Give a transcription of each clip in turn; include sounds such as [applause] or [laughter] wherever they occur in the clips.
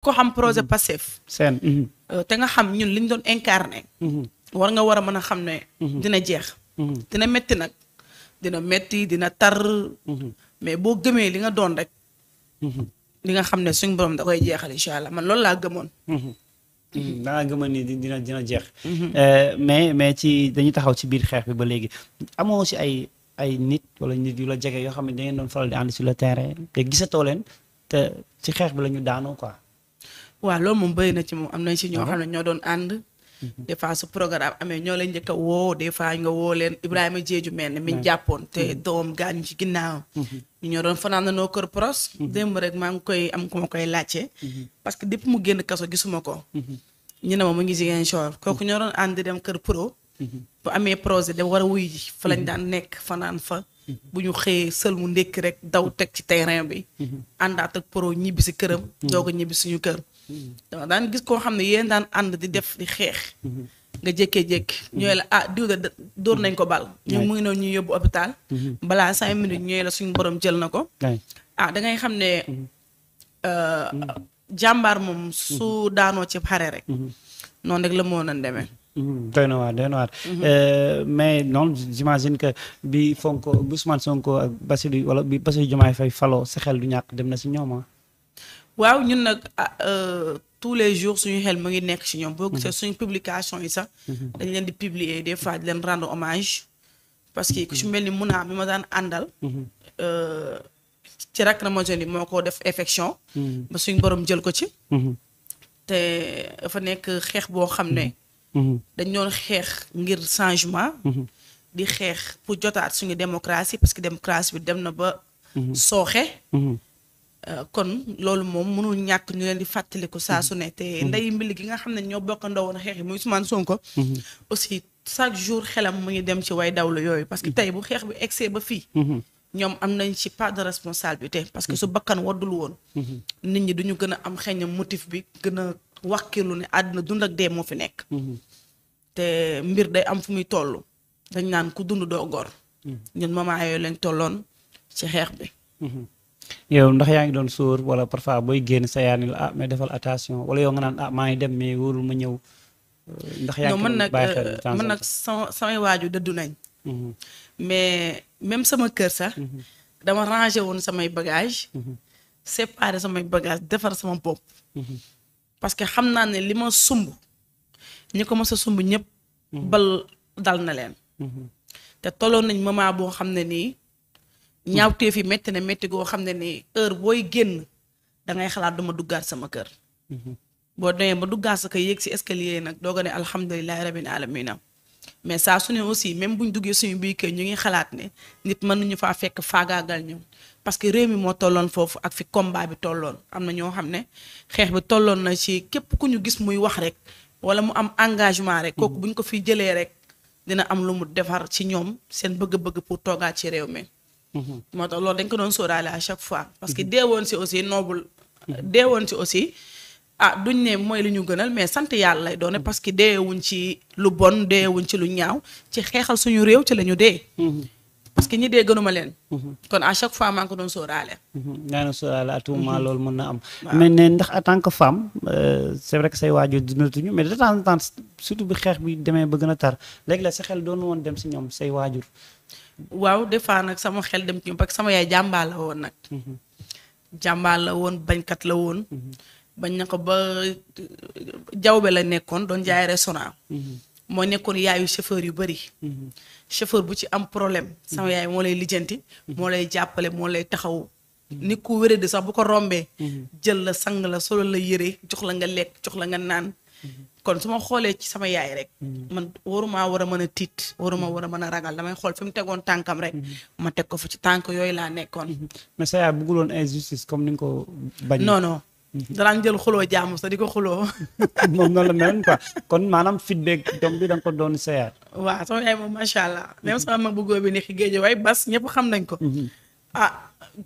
ko xam projet mhm. Pastef seen mhm. euh, te nga xam ñun liñ doon incarné mhm. war nga war a mën a xam ne dina jeex dina metti nag dina metti dina tar mais boo gëmee li nga doon rek li nga xam ne suñ borom da koy jeexal incha allah man lool laa gëmoon da nga gëmoon ni dina dina jeex euh, mais mais ci dañu taxaw ci biir xeex bi ba léegi amoo si ay ay nit wala nit yu la jege yoo xam ne da ngeen doon faral di ànd sur le terrain te gisatoo leen te ci xeex bi lañu daanoo quoi waaw loolu moom bëri na ci moom am nañ si ñoo ah. xam ne ñoo doon ànd. Mhm. des fois su programme amee ñoo leen njëkk a woo des fois nga woo leen Ibrahima Jeeju mel ne mi ñu jàppoon te mhm. doom gaañ ci ginnaaw mhm. ñu ñoo doon fanaan na noo kër pros. démb rek maa ngi koy am ku ma koy laajte. que depuis mu génn kaso gisuma ko. ñu ne ma mu ngi Ziguinchor kooku ñoo doon ànd dem kër pro. bu amee projet de war a wuy ji fa lañ daan nekk fanaan fa. bu ñu xëyee sël mu ndékki rek daw teg ci terrain bi. àndaat ak pro ñibbi si këram. doog a ñibbi suñu kër. dama daan gis koo xam ne yéen daan ànd di def di xeex. nga jékkee-jékki ñooy la ah diw nañ ko bal ñu mu ngi noonu ñu yóbbu hôpital mhm. balaa sa minutes ñooy la suñu borom jël na ko ah dangay xam ne mhm. euh, jàmbaar moom su mhm. daanoo ci xare rek noonu rek la moo doon demee doy na doy na euh, mais noonu j'imagine que bi Sonko Ousmane Sonko ak Bassirou wala bi Bassirou Diomaye Faye faloo sa xel du ñàkk dem na si ñooma ah. waaw ñun nag ah, euh, tous les jours suñu xel mu ngi nekk ci ñoom. boo gisee mhm. suñu publication yi sax. Mhm. dañ leen di publier des fois di leen rendre hommage. parce que ci mhm. mel ni mun naa mu ma daan àndal. Euh, ci rak ramogène yi moo ko def infection. ba suñu borom jël ko ci. te dafa nekk xeex boo xam ne. dañ doon xeex ngir changement. di xeex pour jotaat suñu démocratie parce que démocratie bi dem na ba. sooxe. Euh, kon loolu moom mënul ñàkk ñu leen di fàttaliku saa mm-hmm. su ne te nday mm-hmm. mbili gi nga xam ne ñoo bokkandoo woon xeex yi muy Ousmane Sonko mm-hmm. aussi chaque jour xelam mu ngi dem ci way dawlu yooyu parce que tey bu xeex bi egsee ba fii ñoom am nañ ci part de responsabilité parce que su bakkan waddul woon nit ñi duñu gën a am xeña motif bi gën a wàkkilu ne àddina dund ak dee moo fi nekk te mbir day am fu muy toll dañ naan ku dund doo gor ñun moment yooyu lañ tolloon ci xeex bi yow ndax yaa ngi doon sóor wala parfois booy génn sa yaa ni la ah mais defal attention wala yow nga naan ah maa ngi dem mais wóorul ma ñëw euh, ndax yaa ngi doon bàyyi xel euh, nag sama samay waaju dëddu nañ mhm. mais même sama kër sax mhm. dama rangé woon samay bagage mhm. séparé samay bagage defar sama bopp parce que xam naa ne li ma sumb ñi ko mës a sumb ñëpp bal dal na leen te tolloon nañ moment boo xam ne nii ñaawtee fi métti na métti goo xam ne ni heure booy génn dangay ngay xalaat duma duggaat sama kër. Mhm. boo demee ba duggaat sa kër yéeg si escalier nag dooga ne alhamdulilah rabbil alamina mais saa su ne aussi même buñ duggee suñu biir kër ñu ngi xalaat ne nit mën nañu faa fekk faagaagal ñu parce que réew mi moo tolloon foofu ak fi combat bi tolloon am na ñoo xam ne xeex bi tolloon na ci képp ku ñu gis muy wax rek wala mu am engagement rek. kooku mhm. buñ ko fi jëlee rek dina am lu mu defar ci ñoom seen bëgg-bëgg pour toogaat ci réew mi. Mhm. moo tax loolu dañ ko doon sóoraale à chaque fois. parce que mhm. dee woon si aussi noobul. Mhm. dee woon si aussi ah duñ ne mooy li ñu gënal mais sant yàlla lay doone parce que deewuñ ci lu bon deewuñ ci lu ñaaw ci xeexal suñu réew ci la ñu dee. parce que ñi dee gënuma leen. kon à chaque fois maa ngi ko doon sóoraale. yaa ngi sóoraale à tout moment loolu mën na am. mais ne ndax en tant que femme euh, c'est vrai que say waajur dundatuñu mais de temps en temps surtout bi xeex bi demee ba gën a tar léegi la sa doon woon dem si ñoom say waajur. waaw des fois nag sama xel dem ci ñoom parce que sama yaay jàmbaar la woon nag. Mhm. jàmbaar la woon bañkat la woon. Mhm. bañ na ko ba jawbe la nekkoon doon jaay restaurant. Mhm. moo nekkoon yaayu chauffeur yu bëri. chauffeur bu ci am problème. sama yaay moo lay lijjanti. moo lay jàppale moo lay taxaw. nit ku wéré di sax bu ko rombee. jël la sang la solo la yére jox la nga lekk jox la nga naan. kon su ma xoolee ci sama yaay rek. Mm-hmm. man waruma war a mën a tiit waruma mm-hmm. war a mën a ragal damay xool fi mu tegoon tànkam rek. Mm-hmm. ma teg ko fa ci tànk yooyu laa nekkoon. mais sa yaay bëgguloon comme ni nga ko bañ. non non. danaan jël xuloo jaamu sa di ko xuloo. [laughs] moom noonu la kon maanaam feedback doom bi da ko doon sa yaay. waaw sama yaay moom macha allah. même sama mag bu góor bi nekk géej waaye bas ñëpp xam nañ ko. ah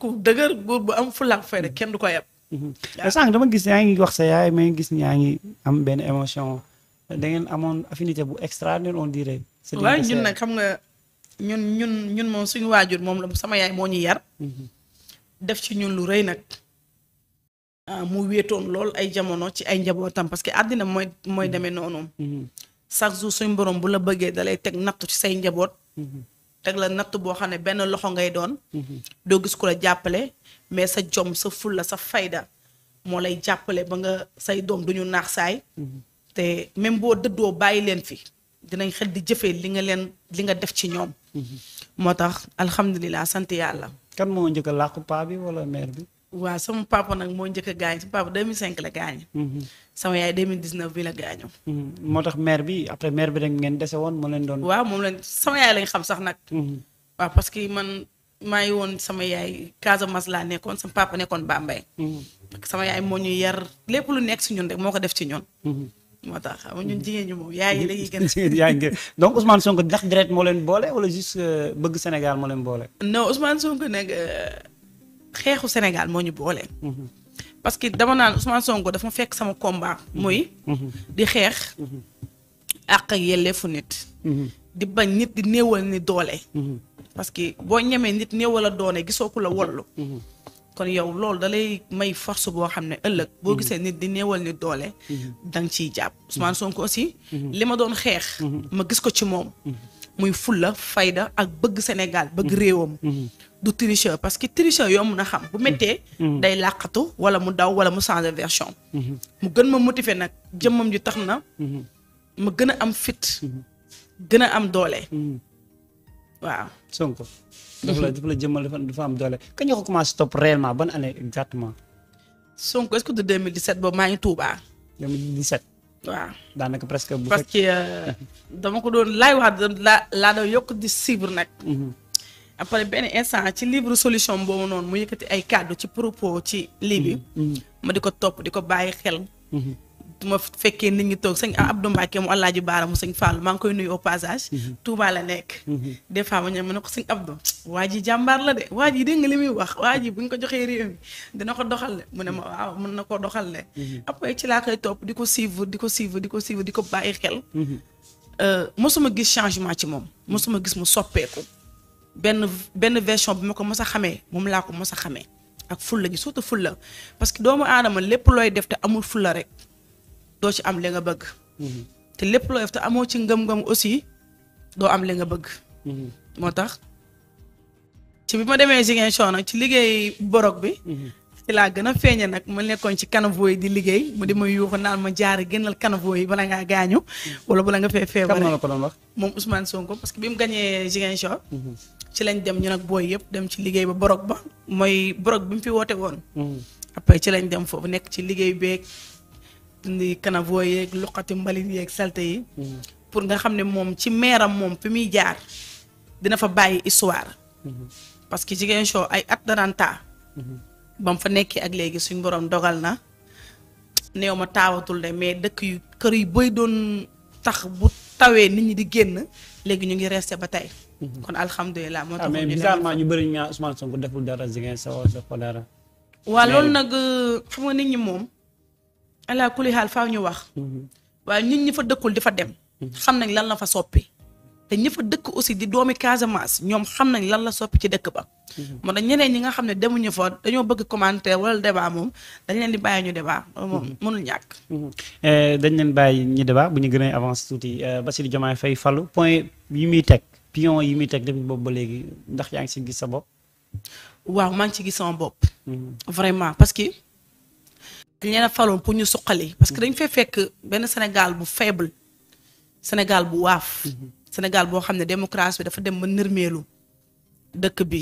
ku dëgër góor bu am fulla ak fayda kenn du ko yab. Mhm. sànq dama gis yaa ngi wax sa yaay mais gis yaa ngi am benn émotion da ngeen amoon affinité bu extraordinaire on dirait. waaw ñun nag xam nga ñun ñun ñun moom suñu waajur moom la sama yaay moo ñu yar. Mhm. def ci ñun lu rëy nag. Ah, mu wéetoon lool ay jamono ci ay njabootam parce que àddina mooy mooy mhm. demee noonu. chaque jour suñ borom bu la bëggee dalay teg nattu ci say njaboot. teg la natt boo xam ne benn loxo ngay doon. doo gis ku la jàppale. mais sa jom sa fulla sa fayda moo lay jàppale ba nga say doom duñu naax saay mm-hmm. te même boo dëddoo bàyyi leen fi dinañ xel di jëfee li nga leen li nga def ci ñoom mm-hmm. moo tax alhamdulilah sant yàlla kan moo njëkk a làqu paa bi wala mère bi waaw sama papa nag moo njëkk a gaañ sama papa 2005 la gaañ mm-hmm. sama yaay 2019 bi la gaañoo moo tax mère bi après mère bi rek ngeen dese woon moo leen doon waaw moom leen sama yaay lañ xam sax nag waaw parce que man maa ngi woon sama yaay Casamance laa nekkoon sama papa nekkoon Bambey. Mhm. sama yaay moo ñu yar lépp lu nekk si ñun rek moo ko def ci ñun. Mhm. moo tax xam ñun jigéen ñi moom yaay yi lañuy gën [laughs] yaay ngeen donc Ousmane Sonko ndax direct moo leen boole wala juste euh, bëgg Sénégal moo leen boole. non Ousmane Sonko nag euh, xeexu Sénégal moo ñu boole. Mhm. parce que dama naan Ousmane Sonko dafa fekk sama combat. muy di xeex. àq ak yelleefu nit. di bañ nit di néewal ni doole. parce que boo ñemee nit néew la doone gisoo ku la wollu kon yow loolu dalay may force boo xam ne ëllëg boo mhm. gisee nit di néewal nit doole mhm. da nga ciy jàpp Ousmane mhm. Sonko aussi li ma doon xeex ma gis ko ci moom muy fulla fayda ak bëgg Sénégal bëgg réewam du tricheur parce que tricheur yoo mun a xam bu méttee day làqatu wala mu daw wala mu changer version mu gën ma motiver nag jëmmam ji tax na ma gën a am fit gën a am doole waaw Sonko. dafa la dafa la jëmmal dafa fa am doole kañ nga ko commencé topp réellement ban année exactement. Sonko est-ce que de 2017 boobu maa ngi Touba. 2017. waaw daanaka presque. bu parce que euh, dama ko doon laay wax laa laa yokk di cibre nag. Mhm. après benn instant ci libre solution boobu noonu mu yëkkati ay kàddu ci propos ci lii bi mhm. Mhm. ma di ko topp di ko bàyyi xel. ma fekkee nit ñi toog sëñ Abdou Mbacke mu Alaaji Baara mu sëñ Fallou maa ngi koy nuyu au passage. Mhm. Touba la nekk. Mhm. des fois ma ñëw ma ne ko sëñ Abdou waa ji jàmbaar la de waa ji dégg nga li muy wax waaj ji bu ñu ko joxee réew mi dina ko doxal de mu ne ma waaw mën na ko doxal de. Mhm. après ci laa koy topp di ko suivre di ko suivre di ko suivre di ko bàyyi xel. Euh, mosuma gis changement ci moom mosuma gis mu soppeeku benn benn version bi ma ko mos a xamee moom laa ko mos a xamee ak fulla gi surtout fulla parce que doomu aadama lépp looy def te amul fulla rek. doo ci am li nga bëgg. Mm-hmm. te lépp loo def te amoo ci ngëm-ngëm aussi doo am li nga bëgg. Mm-hmm. moo tax ci bi ma demee Ziguinchor nag ci liggéey borog bi. Mm-hmm. ci laa gën a feeñe nag ma nekkoon ci kanavo yi di liggéey mu di ma yuuxu naan ma jaar génnal caniveau yi bala ngaa gaañu. wala bala nga fee feebaree kan ko doon wax. moom Ousmane Sonko parce que bi mu gañee Ziguinchor. ci lañ dem ñu nag booy yëpp dem ci liggéey ba borog ba mooy borog bi mu fi woote woon. après ci lañ dem foofu nekk ci liggéey beeg. dindi kanavoo yeeg luqati mbalit yeeg salte yi. Mm-hmm. pour nga xam ne moom ci meeram moom fi muy jaar dina fa bàyyi histoire. Mm-hmm. parce que jigéen show ay at danaan mm-hmm. bam fa nekkee ak léegi suñ borom dogal na néew ma taawatul de mais dëkk yu kër yu bëy doon tax bu tawee nit ñi di génn léegi ñu ngi resté ba tey. kon alhamdulilah moo ah, tax. mais bizarrement ñu bëri ñu naan Ousmane Sonko deful dara Ziguinchor deful dara. waaw loolu nag euh, xam nga nit ñi moom. allah kulli xaal faaw ñu wax. Mhm. waaye ñun ñi fa dëkkul dafa dem. Mhm. xam nañ lan la fa soppi. te ñi fa dëkk aussi di doomi Casamance ñoom xam nañ lan la soppi ci dëkk ba. Mhm. moo ñeneen ñi nga xam ne demuñu fa dañoo bëgg commentaire wala débat moom dañ leen di bàyyi ñu débat. moom mënul ñàkk. Eh, dañ leen bàyyi ñu debaa bu ñu gën a avance tuuti eh, Bassirou Diomaye fay falu point yi muy teg pion yi muy teg depuis boobu ba léegi ndax yaa ngi si gis sa bopp. waaw maa ngi gis sama bopp. vraiment parce dañ leen a faloon pour ñu suqali parce que dañ fay fekk benn Sénégal bu faible Sénégal bu waaf Sénégal boo xam ne démocratie bi dafa dem ba nërmeelu dëkk bi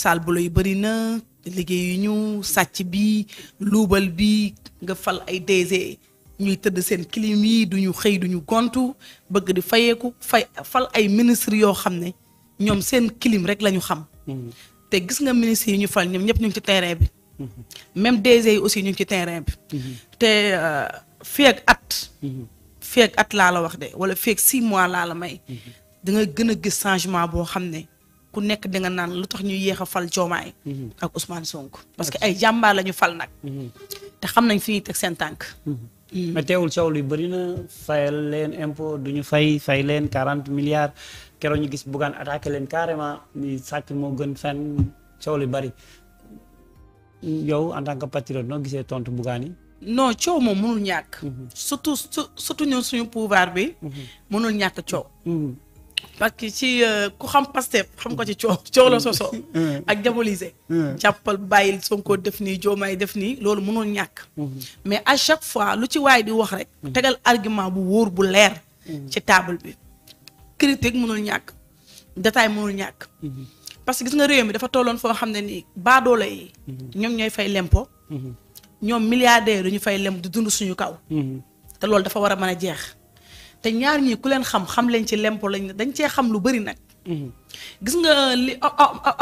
saal bu yu bëri na liggéey yu ñu sàcc bi luubal bi nga fal ay DG ñuy tëdd seen clim yi duñu xëy duñu gontu bëgg di fayeeku fay fal ay ministre yoo xam ne ñoom seen kilim rek la ñu xam mm-hmm. te gis nga ministre yi ñu fal ñoom ñëpp ñu ci terrain bi même DG yi aussi ñu ngi ci terrain bi. te euh, fii at. fii at laa la wax de wala fii si six mois laa la may. da nga gën a gis changement boo xam ne ku nekk da nga naan lu tax ñu yéex a fal Diomaye ak Ousmane Sonko. parce que ay jàmbaar la ñu fal nag. te xam nañ fi ñuy teg seen tànk. Mm. mais teewul coow lu bëri na fayal leen impôt du ñu fay fay leen quarante milliards keroog ñu gis Bougane attaqué leen carrément ni sàcc moo gën fenn coow lu bëri. yow en tant que patriote noo gisee tontu Bougane yi non coow moom mënul ñàkk. Mhm. surtout surtout ñun suñu pouvoir bi. Mhm. mënul ñàkk coow. Mhm. parce que ci euh, ku xam Pastef xam ko ci coow coow la soso [laughs] ak diaboliser. jàppal bàyyil ko def nii joomaay def nii loolu mënul ñàkk. mais à chaque fois lu ci waay di wax rek. tegal argument bu wóor bu leer. ci taable bi. critique mënul ñàkk détail mënul ñàkk. parce que gis nga réew mi dafa tolloon foo xam ne nii baadoolo yi. Mhm. ñoom ñooy fay lempo. Mhm. ñoom milliardaires yi ñu fay lem di dund suñu kaw. Mhm. te loolu dafa war a mën a jeex. te ñaar ñii ku leen xam xam leen ci lempo lañ dañ cee xam lu bari nag. gis nga li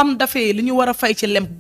am dafee li ñu war a fay ci lemp